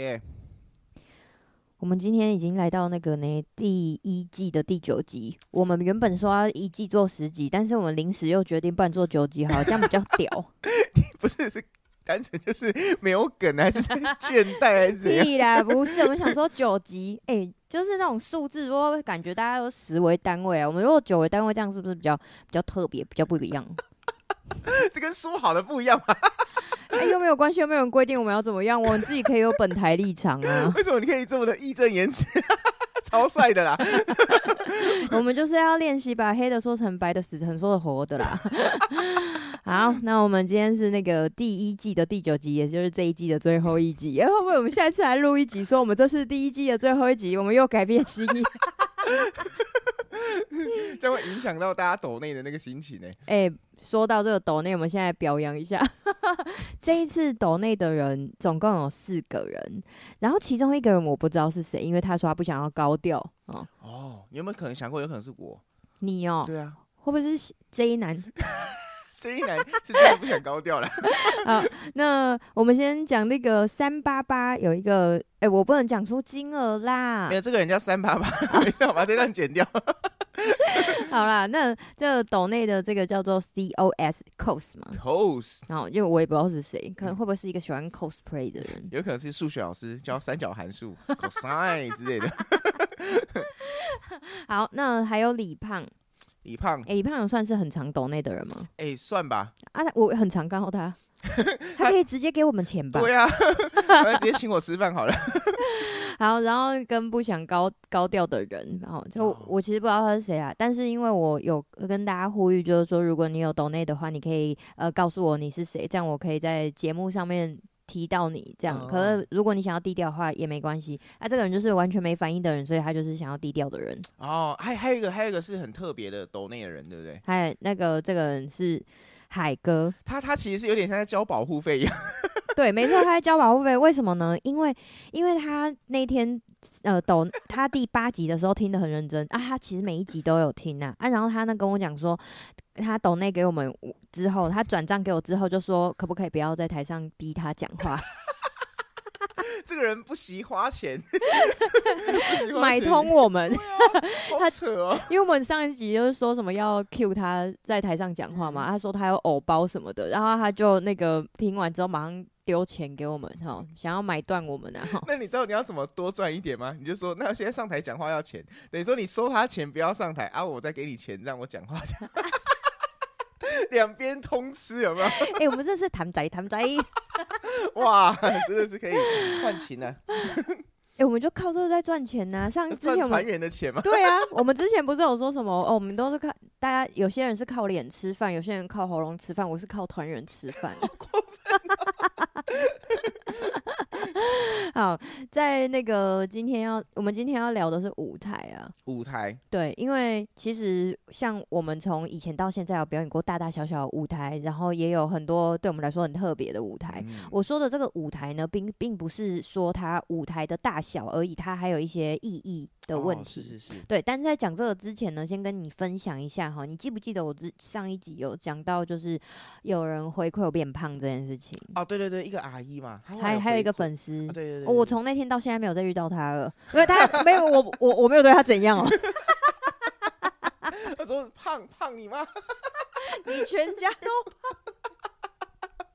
耶、yeah！我們今天已經來到那個呢，第一季的第九集。我們原本說要一季做十集，但是我們臨時又決定不然做九集好，好， 這樣比較屌。 不是，是單純就是沒有梗還是，是倦怠 還是？是啦不是。我們想說九集，哎、 欸，就是那種數字，如果感覺大家都十為單位啊，我們如果九為單位，這樣是不是比較比較特別，比較不一樣？ 這跟說好的不一樣嗎？ 哎、欸，又沒有關係，又沒有人規定我們要怎麼樣，我們自己可以有本台立場啊。為什麼你可以這麼的義正言辭， 超帥的啦！ 我們就是要練習把黑的說成白的，死成說的活的啦。 好，那我們今天是那個第一季的第九集，也就是這一季的最後一集。哎、欸，會不會我們下一次來錄一集，說我們這是第一季的最後一集，我們又改變心意？ 這會影響到大家抖內的那個心情呢、欸。哎、欸，說到這個抖內，我們現在表揚一下， 這一次抖內的人總共有四個人，然後其中一個人我不知道是誰，因為他說他不想要高調哦、喔，哦，你有沒有可能想過有可能是我？你哦、喔？對啊，會不會是 J 男？ 這一男是真的不想高調了。 好，那我們先講那個三八八有一個，哎、欸，我不能講出金額啦。沒有，這個人叫三八八，把這段剪掉 。 好啦，那這斗內的這個叫做 cos，cos 嘛。cos。好，因為我也不知道是誰，可能會不會是一個喜歡 cosplay 的人？ 有可能是數學老師教三角函數 cosine 之類的。 好，那還有李胖。李胖，欸、李胖有算是很常斗內的人嗎？誒、欸、算吧。啊，我很常告訴他， 他、他可以直接給我們錢吧？他對呀、啊，直接請我吃飯好了。好，然後跟不想高 高調的人，然後就我、哦、我其實不知道他是誰啊，但是因為我有跟大家呼籲，就是說如果你有斗內的話，你可以呃告訴我你是誰，這樣我可以在節目上面。提到你這樣，哦，可是如果你想要低調的話也沒關係。啊這個人就是完全沒反應的人，所以他就是想要低調的人。哦，還有還有一個，還有一個是很特別的抖內的人，對不對？還有那個這個人是海哥，他他其實是有點像在交保護費一樣。 對，沒錯，他在交保護費，為什麼呢？因為，因為他那天呃抖他第八集的時候聽得很認真啊，他其實每一集都有聽啊，啊然後他呢跟我講說，他抖內給我們之後，他轉賬給我之後，就說可不可以不要在台上逼他講話。這個人不惜花錢買通我們，好扯哦，因為我們上一集就是說什麼要 Q 他在台上講話嘛，他說他有偶包什麼的，然後他就那個聽完之後馬上。有錢給我們哈，想要買斷我們呢？那你知道你要怎麼多賺一點嗎？你就說，那我現在上台講話要錢，等於說你收他錢，不要上台啊，我再給你錢，讓我講話，兩邊 通吃，有沒有？哎、欸，我們這是談財談財， 哇，真的是可以換錢呢。哎 欸，我們就靠這個在賺錢呢、啊。像之前團員的錢嗎？對啊，我們之前不是有說什麼？哦，我們都是靠大家，有些人是靠臉吃飯，有些人靠喉嚨吃飯，我是靠團員吃飯、啊。 好，在那個今天要我們今天要聊的是五。舞台啊，舞台對，因為其實像我們從以前到現在有表演過大大小小的舞台，然後也有很多對我們來說很特別的舞台，嗯。我說的這個舞台呢，並並不是說它舞台的大小而已，它還有一些意義的問題。對、哦、是、是是，但是在講這個之前呢，先跟你分享一下哈，你記不記得我之上一集有講到，就是有人回饋我變胖這件事情啊、哦？對對對，一個阿姨嘛，還還有一個粉絲，哦、對、對對對，我從那天到現在沒有再遇到他了， 因為他，沒有我，我我。沒有對他怎樣哦， 他說胖胖你媽？ 你全家都胖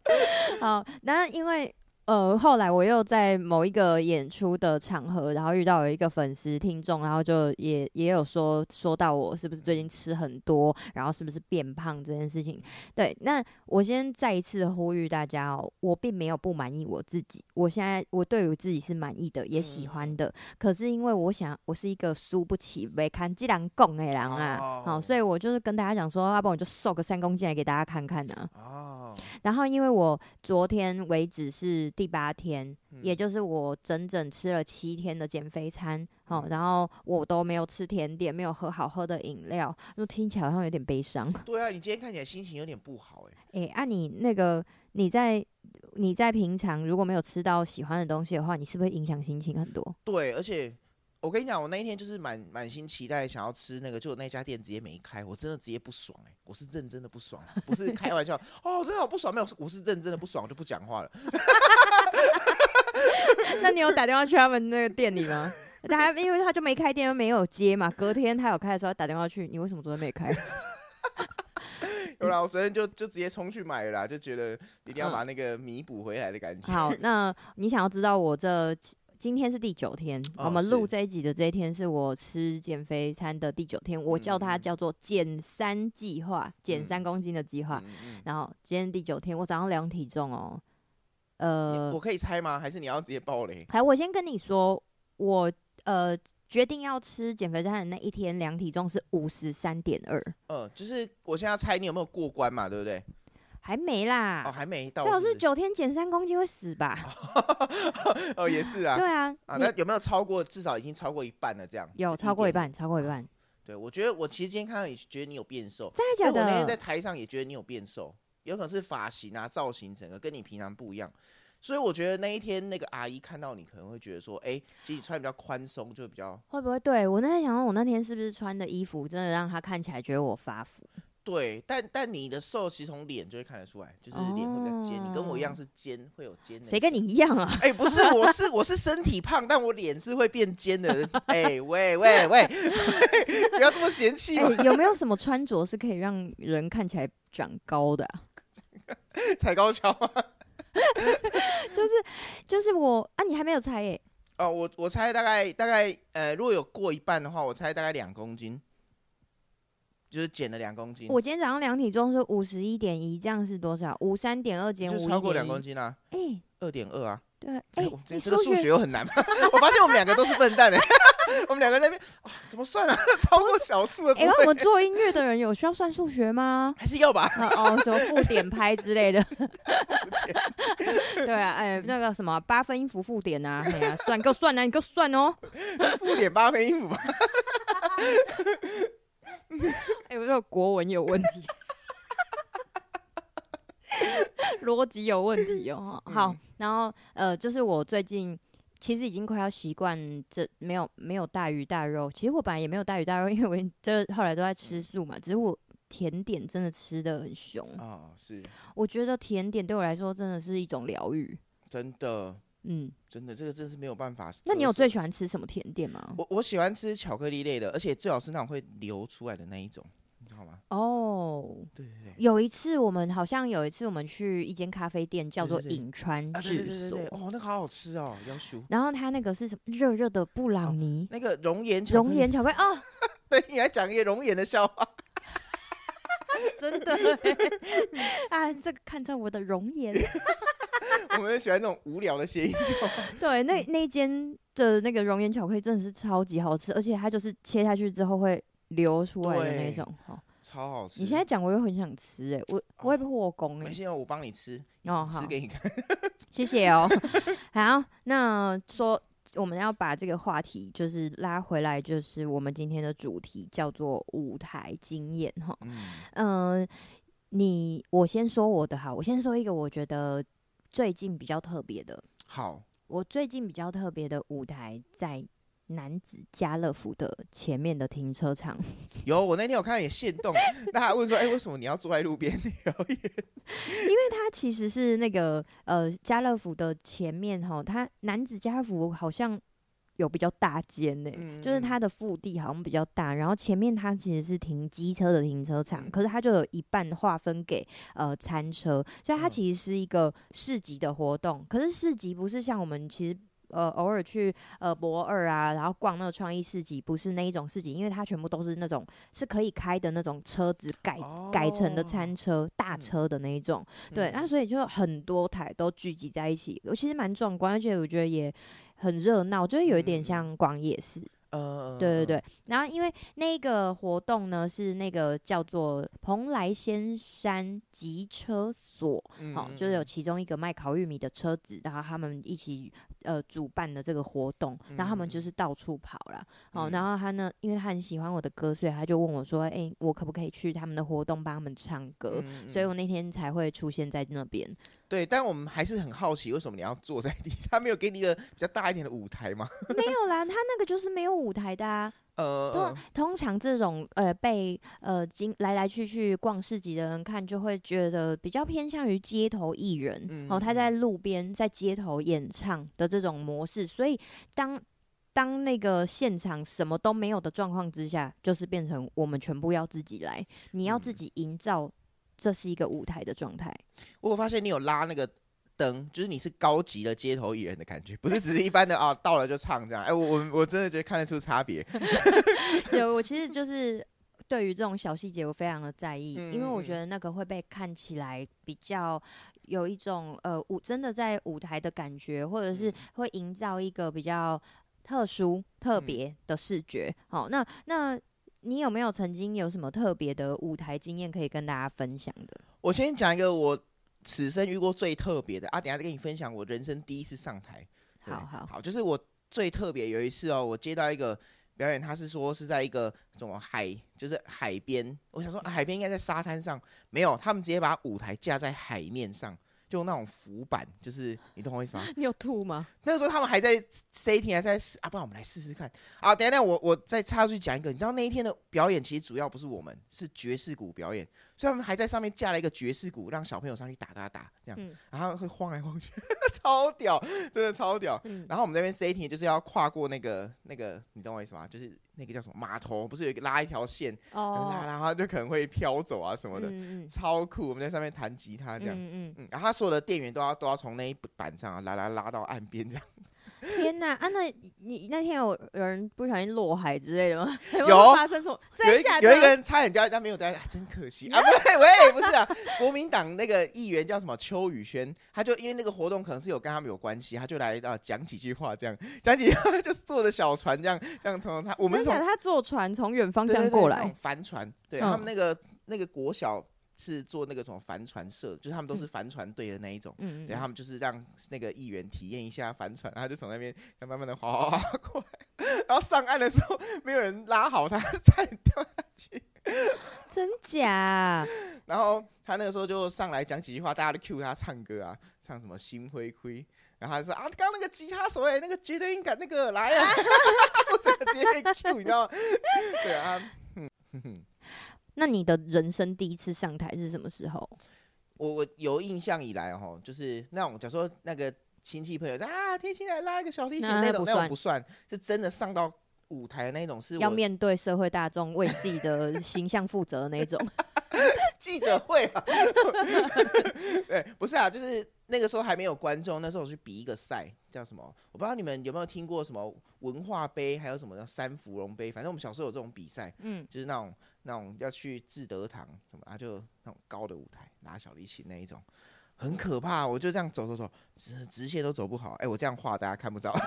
好，那因為。呃，後來我又在某一個演出的場合，然後遇到有一個粉絲聽眾，然後就也也有說說到我是不是最近吃很多，然後是不是變胖這件事情。對，那我先再一次呼籲大家哦、喔，我並沒有不滿意我自己，我現在我對於自己是滿意的，也喜歡的、嗯。可是因為我想我是一個輸不起、沒看、啊，既然公誒狼啦，好，所以我就是跟大家講說，要不然我就瘦個三公斤來給大家看看呢、啊。哦，然後因為我昨天為止是。第八天，也就是我整整吃了七天的減肥餐，嗯，哦，然後我都沒有吃甜點，沒有喝好喝的飲料，就聽起來好像有點悲傷。對啊，你今天看起來心情有點不好哎、欸。哎、欸、啊，你那個你在你在平常如果沒有吃到喜歡的東西的話，你是不是影響心情很多？對，而且。我跟你講，我那一天就是滿滿心期待，想要吃那個，就那家店直接沒開，我真的直接不爽哎、欸，我是認真的不爽、啊，不是開玩笑， 哦，真的好不爽，沒有，我是認真的不爽， 我就不講話了。 那你有打電話去他們那個店裡嗎？他 因為他就沒開店，又沒有接嘛。隔天他有開的時候，打電話去，你為什麼昨天沒開？ 有啦，我昨天就就直接衝去買了啦，就覺得一定要把那個彌補回來的感覺、嗯嗯。好，那你想要知道我這？今天是第九天，哦、我們錄這一集的這一天是我吃減肥餐的第九天，我叫它叫做減三計劃，減、嗯、三公斤的計劃、嗯。然後今天第九天，我早上量體重哦、喔，呃，我可以猜嗎？還是你要直接爆雷？還我先跟你說，我呃決定要吃減肥餐的那一天量體重是五十三點二，嗯，就是我現在要猜你有沒有過關嘛，對不對？還沒啦，哦還沒到。最好是九天減三公斤會死吧？哦,呵呵哦也是啊。對啊,啊。那有沒有超過？至少已經超過一半了，這樣。有超過一半，超過一半。對，我覺得我其實今天看到你覺得你有變瘦。真的,假的。我那天在台上也覺得你有變瘦，有可能是髮型啊、造型整個跟你平常不一樣，所以我覺得那一天那個阿姨看到你可能會覺得說，哎、欸，其實你穿比較寬鬆就比較。會不會？對，我那天想說我那天是不是穿的衣服真的讓她看起來覺得我發福？對，但但你的瘦，其實從臉就會看得出來，就是臉會更尖、哦。你跟我一樣是尖，會有尖的尖。誰跟你一樣啊？哎、欸，不是，我是我是身體胖， 但我臉是會變尖的人。哎、欸，喂喂喂，喂 不要這麼嫌棄、欸、有沒有什麼穿着是可以讓人看起來長高的、啊？踩 高蹺橋嗎、 就是？就是就是我啊，你還沒有猜耶、欸。哦，我我猜大概大概呃，如果有過一半的話，我猜大概兩公斤。就是減了兩公斤。我今天早上量體重是五十一點一，這樣是多少？五三點二減五，超過兩公斤啦、啊。哎、欸，二點二啊。對，哎、欸欸，這個數學又很難嗎？ 我發現我們兩個都是笨蛋哎、欸。 我們兩個在那邊、哦、怎麼算啊？超過小數的。哎，我們、欸、做音樂的人有需要算數學嗎？還是要吧、嗯？哦，什麼附點拍之類的。 對啊，哎，那個什麼八分音符附點吶、啊，哎呀、啊，算個算啊，你個算哦。附點八分音符。哎、 欸，我說國文有問題，邏 輯 有問題哦。好、嗯，然後呃，就是我最近其實已經快要習慣這沒有沒有大魚大肉。其實我本來也沒有大魚大肉，因為我這後來都在吃素嘛。嗯、只是我甜點真的吃得很凶、啊、是、我覺得甜點對我來說真的是一種療癒，真的。嗯，真的，這個真的是沒有辦法。那你有最喜歡吃什麼甜點嗎？我我喜歡吃巧克力類的，而且最好是那種會流出來的那一種，你知道嗎？哦、oh，對，有一次我們好像有一次我們去一間咖啡店，叫做隱川是，是。哦，那個好好吃哦，然後它那個是什麼熱熱的布朗尼，哦、那個熔岩熔岩巧克力，巧克力哦。 對，你來講一個熔岩的笑話， 真的、欸，哎、 啊，這個看穿我的熔岩。 我們喜歡那種無聊的歇一覺。對，那那一間的那個熔岩巧克力真的是超級好吃，而且它就是切下去之後會流出來的那種哈、哦，超好吃。你現在講我又很想吃哎、欸，我我也不過功，現、哦、在我幫你吃哦，吃給你看， 謝謝哦。好，那說我們要把這個話題就是拉回來，就是我們今天的主題叫做舞台經驗哈、哦。嗯，呃、你我先說我的哈，我先說一個我覺得。最近比較特別的，好，我最近比較特別的舞台在男子家樂福的前面的停車場。有，我那天有看到你限動。 那他問說，哎、欸，為什麼你要坐在路邊？ 因為他其實是那個呃，家樂福的前面哈，他男子家樂福好像。有比較大間呢、欸嗯，就是它的腹地好像比較大，然後前面它其實是停機車的停車場、嗯，可是它就有一半劃分給呃餐車，所以它其實是一個市集的活動。嗯、可是市集不是像我們其實呃偶爾去呃駁二啊，然後逛那個創意市集，不是那一種市集，因為它全部都是那種是可以開的那種車子改、哦、改成的餐車大車的那一種、嗯。對，那所以就很多台都聚集在一起，我其實蠻壯觀的，而且我覺得也。很熱鬧，我覺得有一點像逛夜市。呃、嗯，對對對。然後因為那個活動呢，是那個叫做蓬萊仙山集車所，好、嗯喔，就是有其中一個賣烤玉米的車子，然後他們一起呃主辦的這個活動，然後他們就是到處跑了。好、嗯喔，然後他呢，因為他很喜歡我的歌，所以他就問我說：“哎、欸，我可不可以去他們的活動幫他們唱歌、嗯嗯？”所以我那天才會出現在那邊。對，但我們還是很好奇，為什麼你要坐在地上？他沒有給你一個比較大一點的舞台嗎？ 沒有啦，他那個就是沒有舞台的啊。呃，通常這種呃被呃經來來去去逛市集的人看，就會覺得比較偏向於街頭藝人，然後，嗯，哦，他在路邊在街頭演唱的這種模式。所以當當那個現場什麼都沒有的狀況之下，就是變成我們全部要自己來，你要自己營造。嗯這是一個舞台的狀態。我發現你有拉那個燈，就是你是高級的街頭藝人的感覺，不是只是一般的 啊，到了就唱這樣。哎、欸，我我我真的覺得看得出差別。 對，我其實就是對於這種小細節我非常的在意、嗯，因為我覺得那個會被看起來比較有一種呃舞真的在舞台的感覺，或者是會營造一個比較特殊、特別的視覺。好、嗯哦，那那。你有沒有曾經有什麼特別的舞台經驗可以跟大家分享的？我先講一個我此生遇過最特別的啊，等下再跟你分享我人生第一次上台。好好好，就是我最特別有一次哦、喔，我接到一個表演，他是說是在一個什麼海，就是海邊。我想說海邊應該在沙灘上，沒有，他們直接把舞台架在海面上。就那種浮板，就是你懂我意思嗎？你有吐嗎？那個時候他們還在 setting，還在啊，不然我們來試試看啊。等一下，我我再插出去講一個，你知道那一天的表演其實主要不是我們，是爵士鼓表演。所以他們還在上面架了一個爵士鼓，讓小朋友上去打打打，這樣，嗯、然後會晃來晃去呵呵，超屌，真的超屌。嗯、然後我們那邊 setting 就是要跨過那個那個，你懂我意思嗎？就是那個叫什麼碼頭，不是有一個拉一條線，哦、然後，然後他就可能會飄走啊什麼的，嗯，超酷。我們在上面彈吉他，這樣，嗯嗯，嗯然後他所有的電源都要都要從那一板上來、啊、來拉，拉，拉到岸邊，這樣。天吶啊，那你那天有有人不小心落海之類的嗎？有， 有，有發生什麼？有，有，一，有一個人差點掉，但沒有掉、 啊，真可惜啊！不對，喂， 不是啊，國民黨那個議員叫什麼邱宇軒，他就因為那個活動可能是有跟他們有關係，他就來啊講幾句話這樣，講幾句話他就是坐着小船這樣，這樣從他我們而他坐船從遠方向過來，對對對帆船對、嗯、對他們那個那個國小。是做那個什麼帆船社，就是他們都是帆船隊的那一種、嗯，然後他們就是讓那個議員體驗一下帆船，然後就從那邊他慢慢的滑，滑，滑，滑過來，然後上岸的時候沒有人拉好他，差點掉下去，真假？ 然後他那個時候就上來講幾句話，大家都 cue 他唱歌啊，唱什麼《心灰，灰》，然後他就說啊，剛，剛那個吉他手誒、欸，那個絕對音感那個來啊，啊 我整個直接可以 cue 你知道嗎？ 對啊。那你的人生第一次上台是什麼時候？我我有印象以來，哦，就是那種，假如說那個親戚朋友啊，提起來拉一個小提琴那，那種，算，不算，是真的上到舞台的那種是，是要面對社會大眾，為自己的形象負責的那種。 記者會啊 對，不是啊，就是那個時候還沒有觀眾。那時候我去比一個賽，叫什麼？我不知道你們有沒有聽過什麼文化杯，還有什麼叫三芙蓉杯。反正我們小時候有這種比賽，嗯，就是那種那種要去智德堂什麼啊，就那種高的舞台，拿小提琴那一種，很可怕、啊。我就這樣走走走，直直線都走不好。哎、欸，我這樣畫大家看不到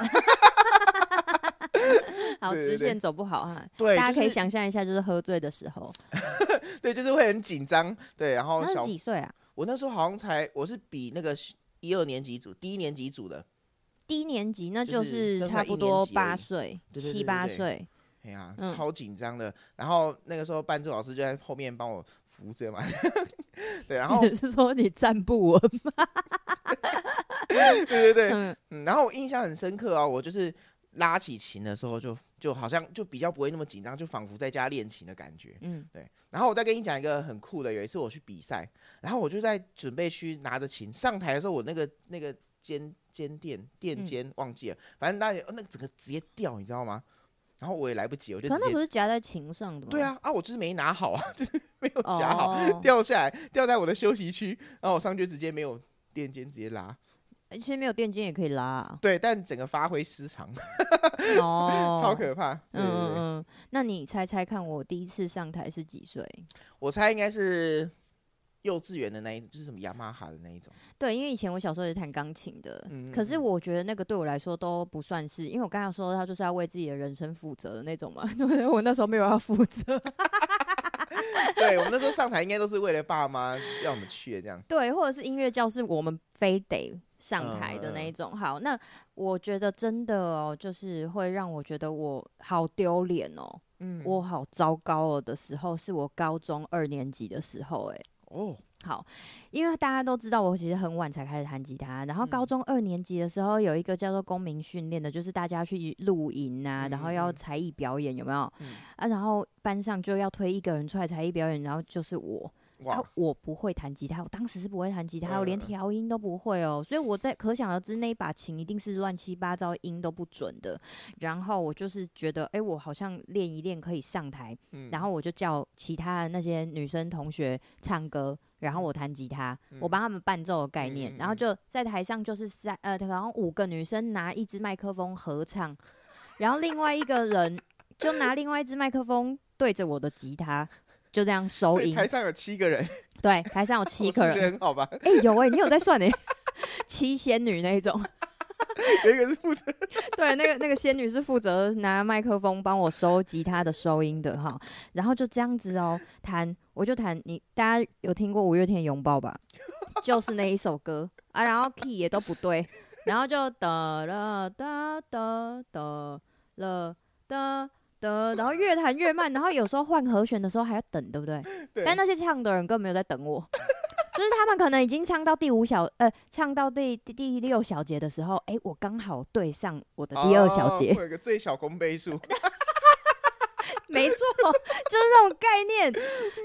好。好，直線走不好哈、啊。對,對、就是，大家可以想象一下，就是喝醉的時候。 對，就是會很緊張。對，然後小，那是幾歲啊？我那時候好像才，我是比那個一二年級組，低一年級組的。低年級，那就是差不多八歲、就是，七八歲。哎呀、啊，超緊張的、嗯。然後那個時候伴奏老師就在後面幫我扶着嘛。 對，然後是說你站不穩嘛。 對對對嗯。嗯，然後我印象很深刻啊，我就是。拉起琴的時候就，就就好像就比較不會那麼緊張，就仿佛在家練琴的感覺。嗯，對。然後我再跟你講一個很酷的，有一次我去比賽，然後我就在準備去拿着琴上台的時候，我那個那個肩肩墊墊肩忘記了，嗯、反正那、哦、那個整個直接掉，你知道嗎？然後我也來不及，我就直接。那不是夾在琴上的嗎？對啊，啊，我就是沒拿好啊，就是沒有夾好、哦，掉下來，掉在我的休息區，然後我上去直接沒有墊肩，直接拉。其實沒有墊肩也可以拉啊。對，但整個發揮失常， 超可怕，對對對。嗯，那你猜猜看，我第一次上台是幾歲？我猜應該是幼稚園的那一種，就是什麼雅馬哈的那一種。對，因為以前我小時候也是彈鋼琴的。嗯嗯嗯。可是我覺得那個對我來說都不算是，因為我剛剛說他就是要為自己的人生負責的那種嘛。對， 我那時候沒有要負責。 對，我們那時候上台，應該都是為了爸媽要我們去的這樣。對，或者是音樂教室，我們非得上台的那一種呃呃，好，那我覺得真的哦、喔，就是會讓我覺得我好丟臉哦，嗯，我好糟糕了的時候，是我高中二年級的時候、欸，哎，哦，好，因為大家都知道，我其實很晚才開始彈吉他，然後高中二年級的時候、嗯、有一個叫做公民訓練的，就是大家去露營啊，然後要才藝表演，有沒有？嗯、啊，然後班上就要推一個人出來才藝表演，然後就是我。Wow, 啊、我不會彈吉他，我當時是不會彈吉他，uh, 我連調音都不會哦，所以我在可想而知那一把琴一定是亂七八糟，音都不準的。然後我就是覺得，哎、欸，我好像練一練可以上台，嗯、然後我就叫其他的那些女生同學唱歌，然後我彈吉他，嗯、我幫她們伴奏的概念，嗯、然後就在台上就是三呃，好像五個女生拿一支麥克風合唱，然後另外一個人就拿另外一支麥克風對着我的吉他。就這樣收音，台上有七個人，對，台上有七個人，是不是很好玩？哎、欸，有哎、欸，你有在算哎、欸， 七仙女那一種， 有一個是負責， 對，那個那個仙女是負責拿麥克風幫我收集他的收音的哈，然後就這樣子哦、喔，彈，我就彈，你大家有聽過五月天擁抱吧？ 就是那一首歌啊，然後 key 也都不對， 然後就得了，得 噠得了，得。的，然後越彈越慢，然後有時候換和弦的時候還要等，對不對？對。但那些唱的人根本沒有在等我， 就是他們可能已經唱到第五小，呃，唱到第第六小節的時候，哎、欸，我剛好對上我的第二小節，哦、會有一個最小公倍數， 沒錯，就是那種概念。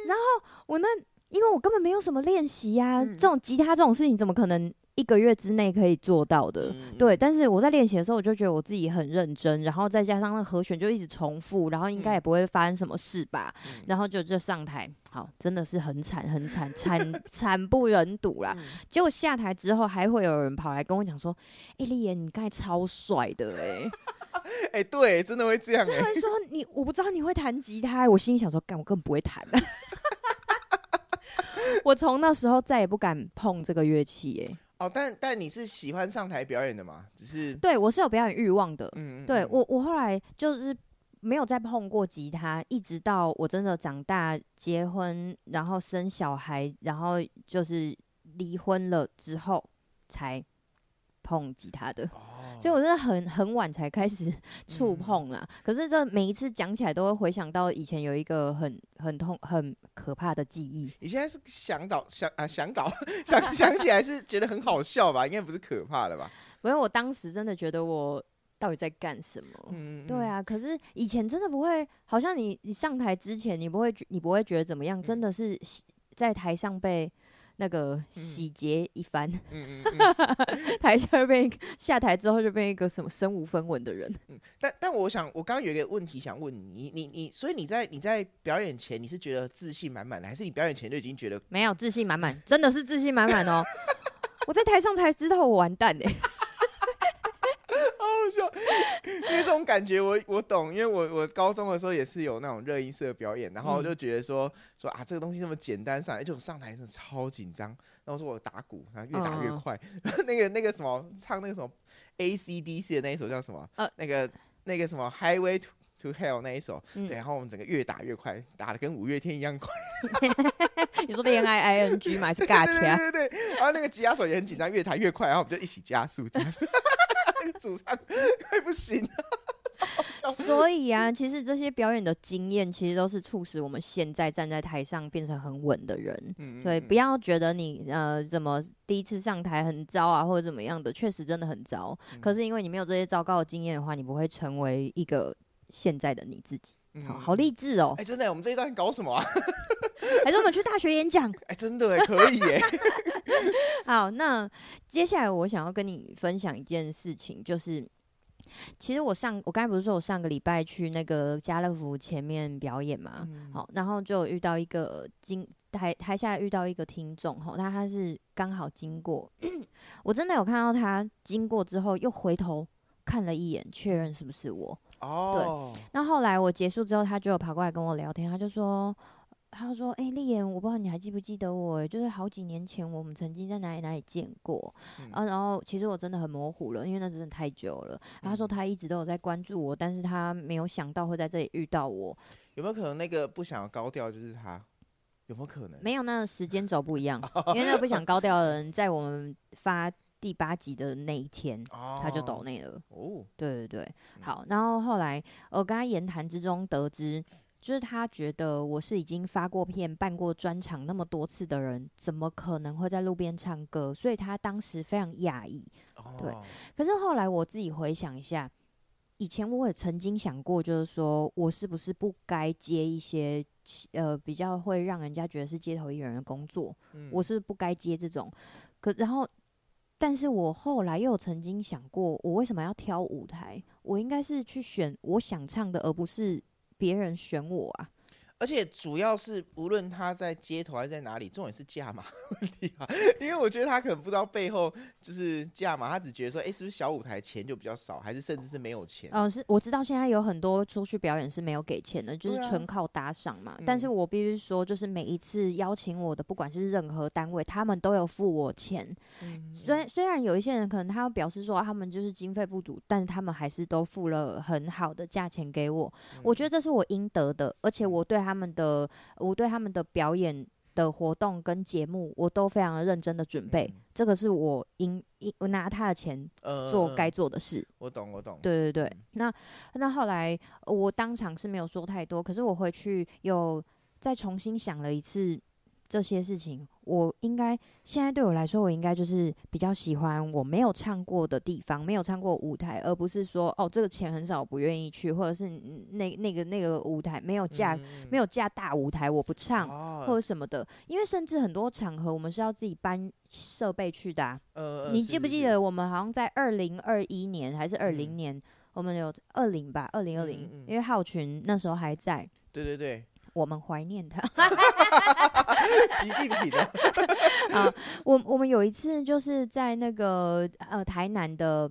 然後我那，因為我根本沒有什麼練習呀、啊嗯，這種吉他這種事情怎麼可能？一個月之內可以做到的、嗯，對。但是我在練習的時候，我就覺得我自己很認真，然後再加上那和弦就一直重複，然後應該也不會發生什麼事吧、嗯。然後就就上台，好，真的是很慘，很慘，慘慘 不忍睹啦、嗯。結果下台之後，還會有人跑來跟我講說：“哎、欸，立言，你剛才超帥的誒、欸！’‘哎、 欸，對，真的會這樣、欸。他說你，我不知道你會彈吉他，我心裡想說，幹，我根本不會彈、啊。 我從那時候再也不敢碰這個樂器、欸，誒。哦，但但你是喜歡上台表演的嗎？只是對我是有表演慾望的。嗯，嗯，嗯，對我我後來就是沒有再碰過吉他，一直到我真的長大結婚，然後生小孩，然後就是離婚了之後才碰吉他的。哦所以我真的很很晚才開始觸碰啦、嗯，可是這每一次講起來都會回想到以前有一個很很痛很可怕的記憶。你現在是想到想啊想搞想想起來是覺得很好笑吧？ 應該不是可怕的吧？不用，我當時真的覺得我到底在幹什麼？嗯，對啊。可是以前真的不會，好像你你上台之前你不會你不會覺得怎麼樣？嗯、真的是在台上被。那個洗劫一番、嗯，嗯嗯嗯、 台下就被一個下台之後就變一個什麼身無分文的人、嗯。但但我想，我剛剛有一個問題想問你，你你，你所以你在你在表演前你是覺得自信滿滿的，還是你表演前就已經覺得沒有自信滿滿？真的是自信滿滿哦！ 我在台上才知道我完蛋哎、欸。 因為這種感覺我我懂，因為我我高中的時候也是有那種熱音社的表演，然後就覺得說、嗯、說啊這個東西那麼簡單上，哎，就上台真的時候超緊張。然後說我打鼓，然後越打越快，哦哦 那個那個什麼唱那個什麼 ACDC 的那一首叫什麼？哦、那個那個什麼 Highway to to Hell 那一首、嗯，對。然後我們整個越打越快，打得跟五月天一樣快。嗯、 你說戀愛 I N G 嗎？還是尬腔 對，對，對對。然後那個吉他手也很緊張，越彈越快，然後我們就一起加速。 主唱快不行了，啊，所以啊，其實這些表演的經驗，其實都是促使我們現在站在台上變成很穩的人。嗯嗯嗯。所以不要覺得你呃怎麼第一次上台很糟啊，或者怎麼樣的，確實真的很糟，嗯。可是因為你沒有這些糟糕的經驗的話，你不會成為一個現在的你自己。嗯嗯，好，好勵志哦！哎，欸，真的，欸，我們這一段搞什麼，啊？還 是，欸，我們去大學演講？哎，欸，真的，哎，欸，可以哎，欸。 好，那接下來我想要跟你分享一件事情，就是其實我上我剛才不是說我上個禮拜去那個家樂福前面表演嘛，嗯、好，然後就遇到一個經台台下遇到一個聽眾吼，他他是剛好經過， 我真的有看到他經過之後又回頭看了一眼，確認是不是我哦，對，那後來我結束之後，他就有跑過來跟我聊天，他就說。他說：“哎、欸，立言，我不知道你還記不記得我、欸，就是好幾年前我們曾經在哪裡哪裡見過、嗯、啊。然後其實我真的很模糊了，因為那真的太久了。嗯啊、他說他一直都有在關注我，但是他沒有想到會在這裡遇到我。有沒有可能那個不想高調就是他？有沒有可能？沒有，那個時間軸不一樣。 因為那個不想高調的人在我們發第八集的那一天、哦、他就 donate 了。哦，對對對，嗯、好。然後後來我跟他言談之中得知。”就是他覺得我是已經發過片、辦過專場那麼多次的人，怎麼可能會在路邊唱歌？所以他當時非常訝異。對，可是後來我自己回想一下，以前我也曾經想過，就是說我是不是不該接一些呃比較會讓人家覺得是街頭藝人的工作？我是不該接這種。可然後，但是我後來又曾經想過，我為什麼要挑舞台？我應該是去選我想唱的，而不是。別人選我啊。而且主要是，無論他在街頭還是在哪裡，重點是價碼問題啊。因為我覺得他可能不知道背後就是價碼，他只覺得說，哎、欸，是不是小舞台錢就比較少，還是甚至是沒有錢？嗯、哦呃，是我知道現在有很多出去表演是沒有給錢的，就是純靠打賞嘛、啊嗯。但是我必須說，就是每一次邀請我的，不管是任何單位，他們都有付我錢。嗯、雖然雖然有一些人可能他們表示說他們就是經費不足，但是他們還是都付了很好的價錢給我、嗯。我覺得這是我應得的，而且我對他。他們的，我對他們的表演的活動跟節目，我都非常的認真的準備。嗯、這個是我應應我拿他的錢做該做的事，呃呃。我懂，我懂。對對對，嗯、那那後來我當場是沒有說太多，可是我回去又再重新想了一次這些事情。我應該現在對我來說，我應該就是比較喜歡我沒有唱過的地方，沒有唱過舞台，而不是說哦，這個錢很少我不願意去，或者是那那個那個舞台沒有架，嗯、沒有架大舞台我不唱，哦，或者什麼的。因為甚至很多場合我們是要自己搬設備去的，啊呃呃。你記不記得我們好像在二零二一年還是二零年，嗯，我們有二零吧，二零二零，因為浩群那時候還在。對對對、對，我們懷念他。 習 近平 啊！我我們有一次就是在那個呃台南的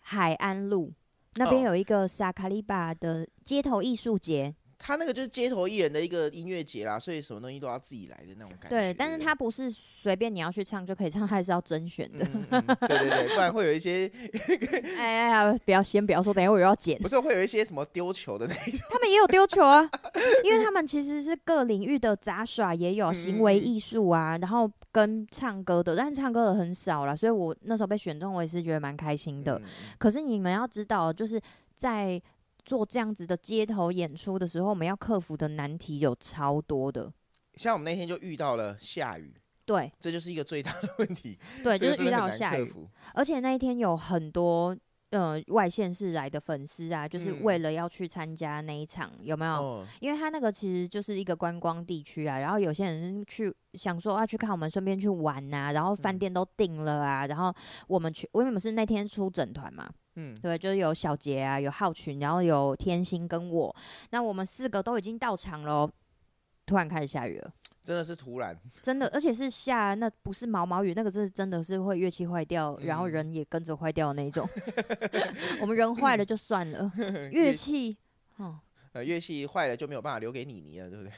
海安路那邊有一個薩、oh. 卡利巴的街頭藝術節。他那個就是街頭藝人的一個音樂節啦，所以什麼東西都要自己來的那種感覺。對，對但是他不是隨便你要去唱就可以唱，還是要甄選的、嗯嗯。對對對， 不然會有一些…… 哎哎呀、哎，不要先不要說，等一下我又要剪。不是，會有一些什麼丟球的那種……他們也有丟球啊， 因為他們其實是各領域的雜耍也有行為藝術啊、嗯，然後跟唱歌的，但唱歌的很少啦，所以我那時候被選中，我也是覺得蠻開心的、嗯。可是你們要知道，就是在。做這樣子的街頭演出的時候，我們要克服的難題有超多的。像我們那天就遇到了下雨，對，這就是一個最大的問題。對，就是遇到下雨，而且那一天有很多呃外縣市來的粉絲啊，就是為了要去參加那一場，嗯、有沒有？哦、因為他那個其實就是一個觀光地區啊，然後有些人去想說要、啊、去看我們，順便去玩啊，然後飯店都訂了啊、嗯，然後我們去，我以為我們是那天出整團嘛？嗯，對，就是有小杰啊，有浩群，然後有天星跟我，那我們四個都已經到場了，突然開始下雨了，真的是突然，真的，而且是下那不是毛毛雨，那個是真的是會樂器壞掉、嗯，然後人也跟着壞掉的那種，嗯、 我們人壞了就算了，樂 器，呃、嗯，樂器壞了就沒有辦法留給你，你了，對不對？